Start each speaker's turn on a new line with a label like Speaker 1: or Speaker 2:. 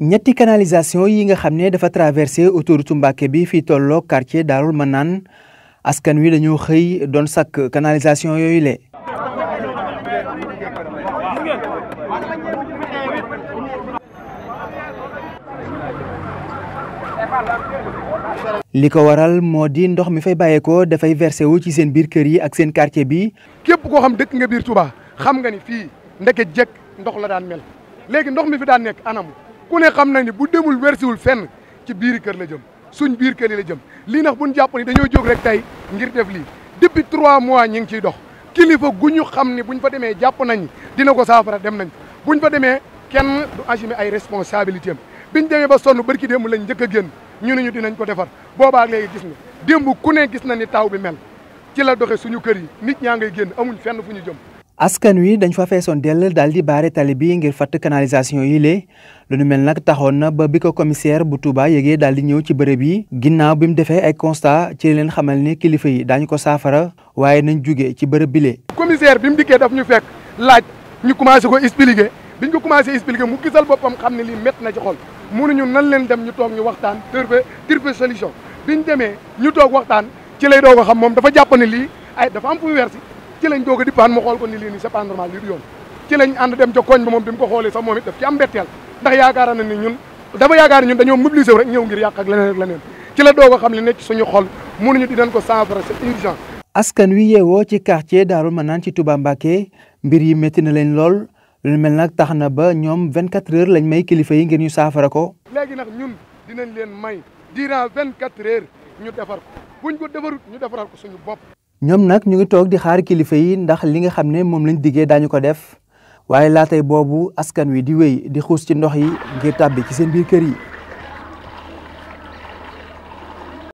Speaker 1: ñetti canalisation yi nga xam ne dafa traversé autoroute Mbacké bi fi tolloo quartier darul manan askan wi dañoo xëy doon sakk canalisation yooyu le li ko waral moo di ndox mi fay bàyyeekoo dafay versé wu ci seen biir kër yi ak seen quartier bi. képp koo xam dëkk nga
Speaker 2: biir Touba xam nga ni fii ndeke jekk ndox la daan mel léegi ndox mi fi daan nekk anamu. ku ne xam na ni bu demul wersiwul fenn ci biir kër la jëm suñ biir kër yi la jëm lii nag buñ jàpp ni dañoo jóg rek tey ngir def lii depuis trois mois ñi ngi ciy dox kilifa gu ñu xam ni buñ fa demee jàpp nañ dina ko saafara dem nañ buñ fa demee kenn du assumer ay responsabilité am biñ demee ba sonn barki démb lañ njëkk a génn ñu ne ñu dinañ ko defar boobaa léegi gis nga démb ku ne gis na ni taw bi mel ci la doxe suñu kër yi nit ñaa ngay génn amuñ fenn fu ñu jëm
Speaker 1: askan wi dañ fa feesoon dell daal di baare tali bi ngir fatt canalisation yi lée lu nu mel nag taxoon na ba bi ko commissaire bu Touba yégee daal di ñëw ci bërëb yi ginnaaw bi mu defee ay constat ci leen xamal ne kilifa yi daañu ko saafara waaye nañ jugee ci bërëb bi lee
Speaker 2: commissaire bi mu dikkee daf ñu fekk laaj ñu commencé ko expliquer biñ ko commencé expliquer mu gisal boppam xam ne lii métti na ci xol mënuñu nan leen dem ñu toog ñu waxtaan trouver solution biñ demee ñu toog waxtaan ci lay doog a xam moom dafa jàpp ne lii dafa am fu mu ci lañ doog a dippaan ma xool ko ni lii nii c'est pas normal lii du yoon ci lañ dem ca ba moom bi ko xoolee sax moom it daf ci am mbetteel ndax yaakaar ni ñun dafa yaakaar ñun dañoo mobiliser wu rek ñëw ngir yàq ak leneen ak leneen ci la doog a xam li nekk suñu xol mënuñu dinañ ko saafara c'est urgent
Speaker 1: askan wi yeewoo ci quartier Daaru Manaan ci Touba Mbacké mbir yi métti na leen lool lu mel nag tax na ba ñoom 24 heure lañ may kilifa yi ngir ñu saafara ko.
Speaker 2: léegi nag ñun dinañ leen may vingt 24 heures ñu defar ko ko defarut ñu defaral ko suñu bopp.
Speaker 1: ñoom nag ñu ngi toog di xaar kilifa yi ndax li nga xam ne moom lañ diggéey dañu ko def waaye laatay boobu askan wi di wéy di xuus ci ndox yi ngir tàbbi ci seen biir kër yi